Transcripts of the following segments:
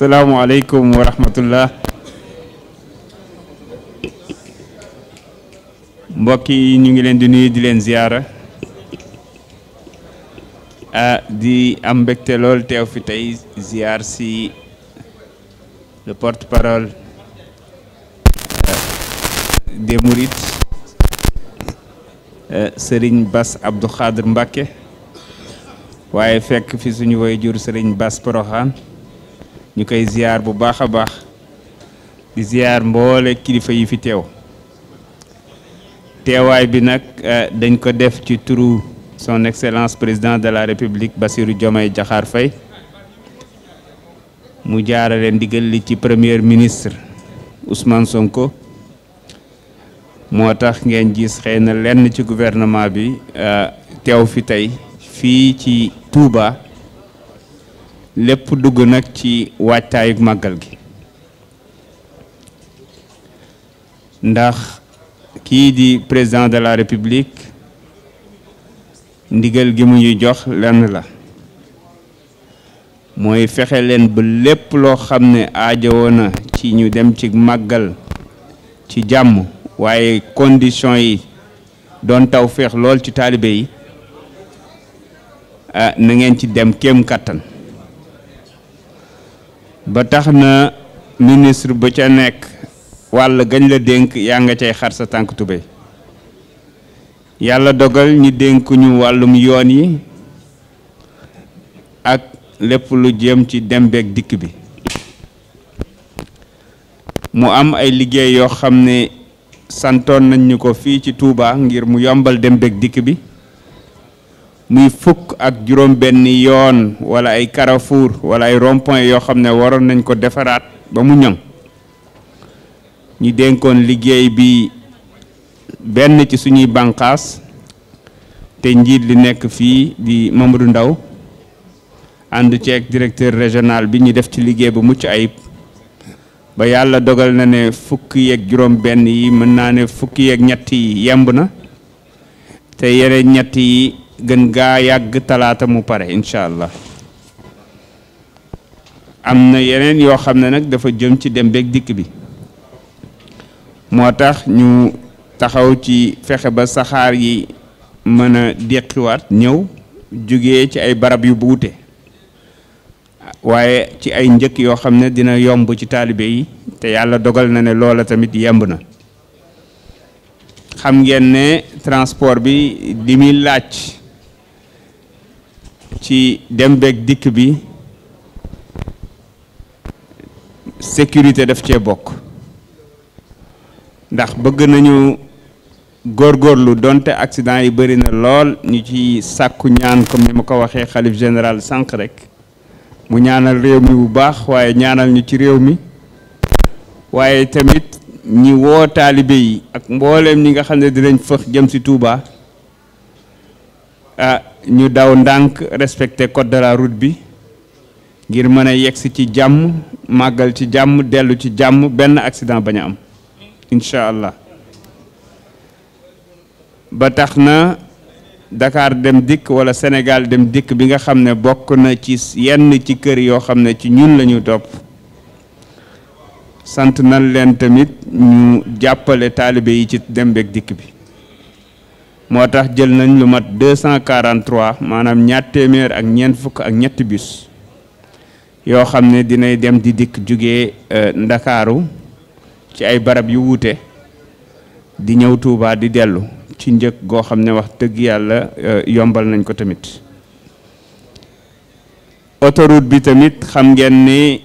asalaamualeykum wa rahmatullah mbokk yi ñu ngi leen di nuyu di leen ziyaara di am mbégte lool teew fi tey ziyaar si le porte-parole euh, des Mourides euh, Serigne Bass Abdou Khadr Mbacké waaye fekk fi suñu woy jur sëriñ Bass Porokhane ñu koy ziyaar bu baax a baax di ziyaar mboole kilifa yi fi teew teewaay bi nag eh, dañ ko def ci turu son excellence président de la république Bassirou Diomaye Diakhar Faye mu jaarale ndigal li ci premier ministre Ousmane Sonko moo tax ngeen gis xëy na lenn ci gouvernement bi eh, teew fi tey fii ci Touba lépp dugg nag ci waajtaayu màggal gi ndax kii di président de la république ndigal gi mu ñuy jox lenn la mooy fexe leen ba lépp loo xam ne aajowoo na ci ñu dem ci màggal ci jàmm waaye condition yi doon taw feex lool ci taalibe yi ah na ngeen ci dem kéem kàttan ba tax na ministre ba ca nekk wàll gañ la dénk yaa nga cay xar sa tànk tubéy yàlla dogal ñi dénk wàllum yoon yi ak lépp lu jëm ci dem beeg dikk bi mu am ay liggéey yoo xam ne santoon nañ ñu ko fii ci tuubaa ngir mu yombal dem beeg dikk bi muy fukk ak juróom benn yoon wala ay karafuur wala ay rond yoo xam ne waroon nañ ko defaraat ba mu ñoŋ ñu dénkoon liggéey bi benn ci suñuy banqaas te njiit li nekk fii di du Ndaw ànd ceeg directeur régional bi ñu def ci liggéey ba mucc ayib ba yàlla dogal na ne fukki yeeg juróom benn yi mën naa ne fukki yeeg ñett yi yemb na te yeneen ñett yi gën gaa yàgg talaata mu pare incha allah am na yeneen yoo xam ne nag dafa jëm ci dem beeg dikk bi moo tax ñu taxaw ci fexe ba saxaar yi mën a déqiwaat ñëw jóge ci ay barab yu buute waaye ci ay njëkk yoo xam ne dina yomb ci taalibe yi te yàlla dogal na ne loola tamit yemb na xam ngeen ne transport bi li muy laaj ci dem beeg dikk bi sécurité daf cee bokk ndax bëgg nañu góorgóorlu donte accident yi bëri na lool ñu ci sàkku ñaan ni ma ko waxee xalif général sànq rek mu ñaanal réew mi bu baax waaye ñaanal ñu ci réew mi waaye tamit ñi woo taalibe yi ak mbooleem ñi nga xam ne dinañ fëx jëm ci Touba ah, ñu daw ndànk respecté code de la route bi ngir mën a yegsi ci jàmm màggal ci jàmm dellu ci jàmm benn accident bañ a am incha allah ba tax na dakaar dem dikk wala senegal dem dikk bi nga xam ne bokk na ci yenn ci kër yoo xam ne ci ñun lañu topp sant nañ leen tamit ñu jàppale taalibe yi ci dem dikk bi moo tax jël nañ lu mat 243 maanaam ñaar téeméer ak ñeent fukk ak ñetti bus yoo xam ne dinay dem di dikk jóge euh, ndakaaru ci ay barab yu wuute di ñëw tuubaa di dellu ci njëg goo xam ne wax dëgg yàlla euh, yombal nañ ko tamit autoroute bi tamit xam ngeen ni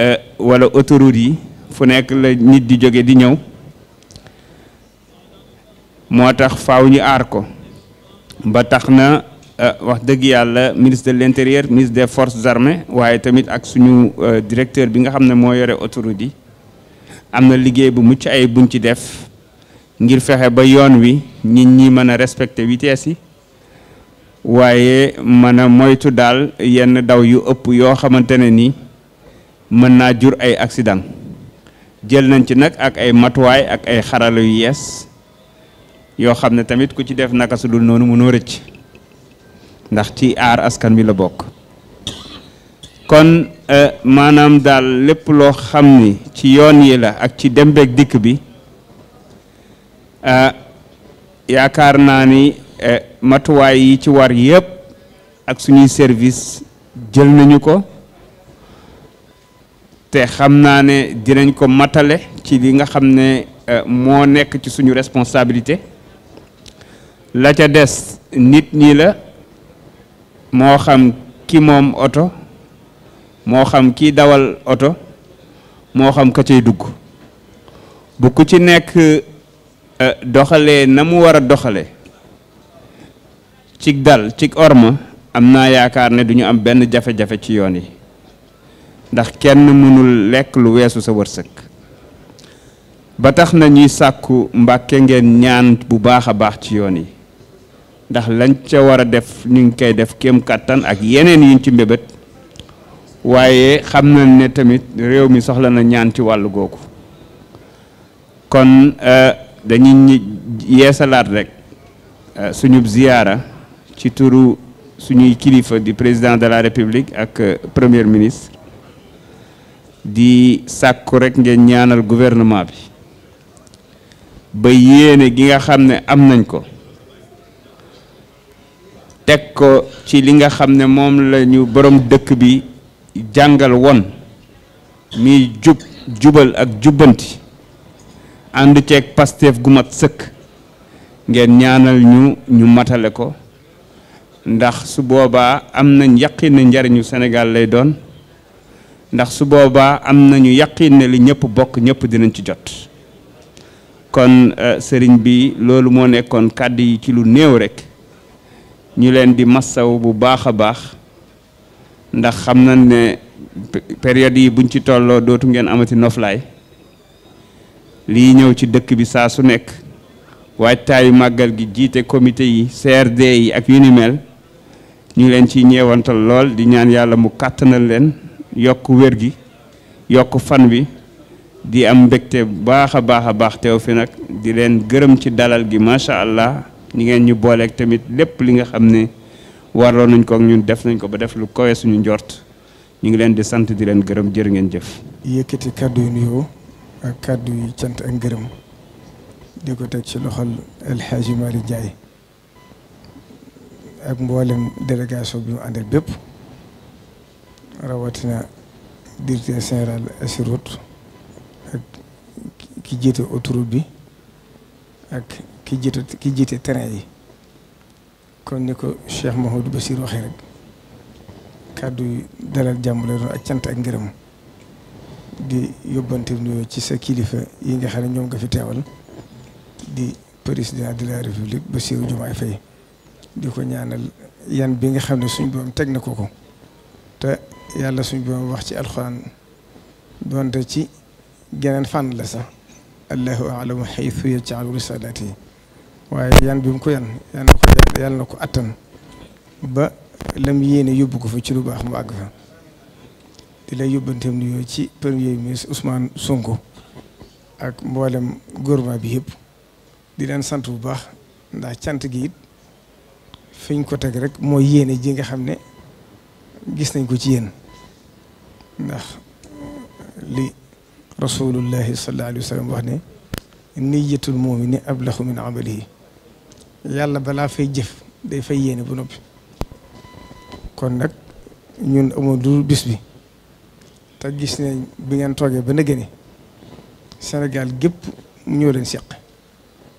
euh, wala autoroute yi fu nekk la nit di jóge di ñëw moo tax faaw ñu aar ko ba tax na euh, wax dëgg yàlla ministre de l'intérieur ministre des force armées waaye tamit ak suñu euh, directeur bi nga xam ne moo yore autoroute am na liggéey bu mucc ay buñ ci def ngir fexe ba yoon wi nit ñi mën a respecter vitesse yi waaye mën a moytu daal yenn daw yu ëpp yoo xamante ne ni mën naa jur ay accident jël nañ ci nag ak ay matuwaay ak ay xarala yu yees yoo xam ne tamit ku ci def naka su dul noonu mënoo rëcc ndax ci aar askan bi la bokk kon euh, maanaam daal lépp loo xam ni ci yoon yi la ak ci dem beeg dikk bi euh, yaakaar naa ni euh, matuwaay yi ci war yëpp ak suñuy service jël nañu ko te xam naa ne dinañ ko matale ci li nga xam ne moo nekk ci suñu responsabilité la ca des nit ñi la moo xam ki moom oto moo xam kii dawal oto moo xam ka cay dugg bu ku ci nekk eh, doxalee na mu war a doxale cig dal cig ormo am naa yaakaar ne du ñu am benn jafe-jafe ci yoon yi ndax kenn mënul lekk lu weesu sa wërsëg ba tax na ñuy sàkku mbàkke ngeen ñaan bu baax a baax ci yoon yi ndax lañ ca war a def ñu ngi koy def kéem kàttan ak yeneen yiñ ci mbébét waaye xam nañ ne tamit réew mi soxla na ñaan ci wàllu googu kon euh, dañuy yeesalaat rek euh, suñu ziyaara ci turu suñuy kilifa di président de la république ak euh, premier ministre di sàkku rek ngeen ñaanal gouvernement bi ba yéene gi nga xam ne am nañ ko teg ko ci li nga xam ne moom lañu boroom dëkk bi jàngal won mi jub jubal ak jubbanti ànd ceeg Pastef gu mat sëkk ngeen ñaanal ñu ñu matale ko ndax su booba am nañ yaqin ne njariñu senegal lay doon ndax su boobaa am nañu yaqin ne li ñëpp bokk ñépp dinañ ci jot kon euh, sëriñ bi loolu moo nekkoon kàdd yi ci lu néew rekk ñu leen di massaw bu baax a baax ndax xam nañ ne période yi buñ ci tolloo dootu ngeen amati noflaay lii ñëw ci dëkk bi saa su nekk waajtaayu màggal gi jiite comité yi CRD yi ak yu ni mel ñu leen ci ñeewantal lool di ñaan yàlla mu kàttanal leen yokk wér gi yokk fan wi di am mbégte baax a baax a baax teew fi nag di leen gërëm ci dalal gi macha allah ñi ngeen ñu booleek tamit lépp li nga xam ni warloo nañ ko ak ñun def nañ ko ba def lu kowe suñu njort ñu ngi leen di sant di leen gërëm jër ngeen jëf. yëkkati kàddu yu nuyoo ak kàddu yu cant ak ngërëm di ko ci loxol El Hadj Malick Ndiaye ak mboolem délégation bi mu àndal bépp rawatina directeur général Assirout ak ki jiite autoroute bi ak. ki jiitu ki jiite terrain yi kon ni ko Cheikh Mahoudou Bachir waxee rek kàddu yi dalal jàmm la doon ak cant ak ngërëm di yóbbante nuyoo ci sa kilifa yi nga xam ne ñoom nga fi teewal di président de la république Bassirou Diomaye Faye di ko ñaanal yan bi nga xam ne suñ boom teg na ko ko te yàlla suñ boom wax ci alxuraan doonte ci geneen fànn la sax allahu alamu xaytu yajcalu risalaati waaye yan bi mu ko yan yan na ko yàlla na ko attan ba lam yéene yóbbu ko fa ci lu baax mu àgg fa di lay yóbbanteem nuyoo ci premier ministre Ousmane Sonko ak mboolem gouvernement bi yëpp di leen sant bu baax ndax cant gi fiñ ko teg rek mooy yéene ji nga xam ne gis nañ ko ci yéen ndax li rasulullahi sallallahu alayhi wa sallam wax ne niyatul mu'mini ablahu min amalihi yàlla balaa fay jëf day fay yéene bu noppi kon nag ñun amoon du bis bi te gis nañ bi ngeen toogee ba nëgëni Sénégal gépp ñoo leen seq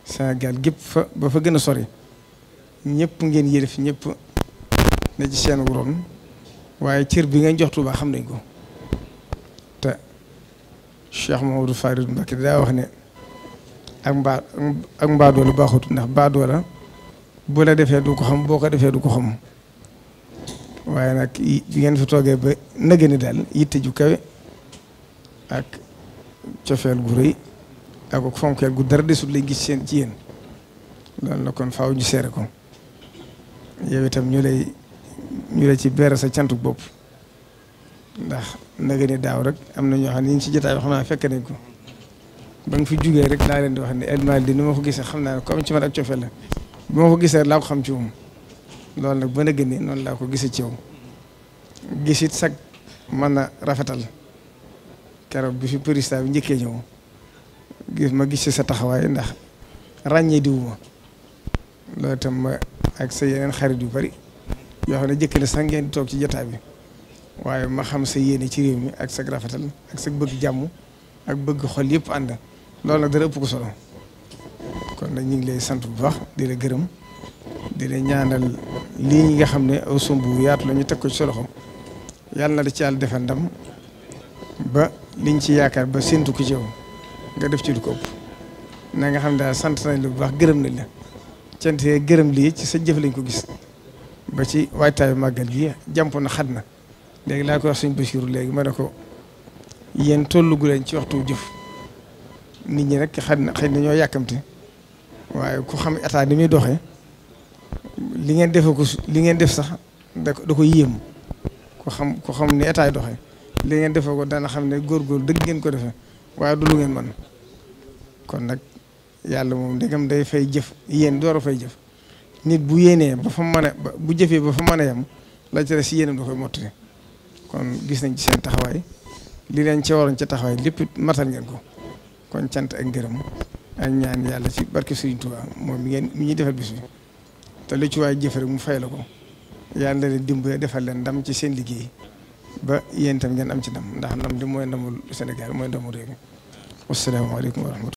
Sénégal gépp fa ba fa gën a sori ñëpp ngeen yële fi ñëpp ne ci seen wuroon waaye cër bi ngeen jox Tuuba xam nañ ko te Cheikh Mamadou Farid Mbacké daa wax ne ak mbaa ak mbaa doole baaxut ndax mbaa doole bu la defee du ko xam boo ko defee du ko xam waaye nag bi ngeen fi toogee ba nage ni daal yitte ju kawe ak cofeel gu rëy ak ak gu dara desul lay gis seen ci yéen loolu na kon faaw ñu seere ko yow itam ñu lay ñu lay ci beere sa cantu bopp ndax nage ni daaw rek am na ñoo xam ne ñu ci jotaay wax naa fekk nañ ko ba nga fi jugee rek laa leen di wax ne Almadies ni ma ko gisee xam naa ne ko am ci man ak cofeel la boo ko gisee laa ko xam ci moom loolu nag bën a gën noonu laa ko gisee ci yow gisit sag man a rafetal keroog bi fi président bi njëkkee ñëw gis ma gis ci sa taxawaay ndax ràññee diwu ma loolu ma ak sa yeneen xarit yu bari yoo xam ne jëkk na sax ngeen toog ci jotaay bi waaye ma xam sa yéene ci réew mi ak sa rafetal ak sa bëgg jàmm ak bëgg xol yëpp ànd loolu nag dara ëpp ko solo kon nag ñu ngi lay sant bu baax di la gërëm di la ñaanal lii ñi nga xam ne aw sumb bu yaatu la ñu teg ko ci sa loxo yàlla na da ci yàlla defal ndam ba liñ ci yaakaar ba séntu ki ci yow nga def ci lu ko ëpp na nga xam ne daal sant nañ la bu baax gërëm nañ la cant gërëm lii ci sa jëf lañ ko gis ba ci waajtaayu màggal gi jàmp na xat na léegi laa ko wax suñ Basiiru léegi ma ne ko yéen tollugu leen ci waxtu jëf nit ñi rekk xaj na xëy na ñoo yàkkamte waaye ku xam état ni muy doxee li ngeen defe ko li ngeen def sax da ko da ko yéem ku xam ko xam ni état yi doxee li ngeen defe ko dana xam ne góorgóor dëgg ngeen ko defee waaye du lu ngeen man kon nag yàlla moom ndegam day fay jëf yéen door a fay jëf nit bu yéenee ba fa mën a bu jëfee ba fa mën a yem la ci si yéenam da koy mottali kon gis nañ ci seen taxawaay li leen ci waroon ca taxawaay lépp matal ngeen ko kon cant ak ngërëm ak ñaan yàlla ci barke Sëriñ Tuubaa moom mi ngeen mi ñuy defal bis bi te lu ci waay jëf rek mu fay la ko yàlla na leen defal leen ndam ci seen liggéey ba yéen itam ngeen am ci ndam ndax ndam li moo ndamul senegal mooy ndamul réew mi wasalaamaaleykum wa rahmatulah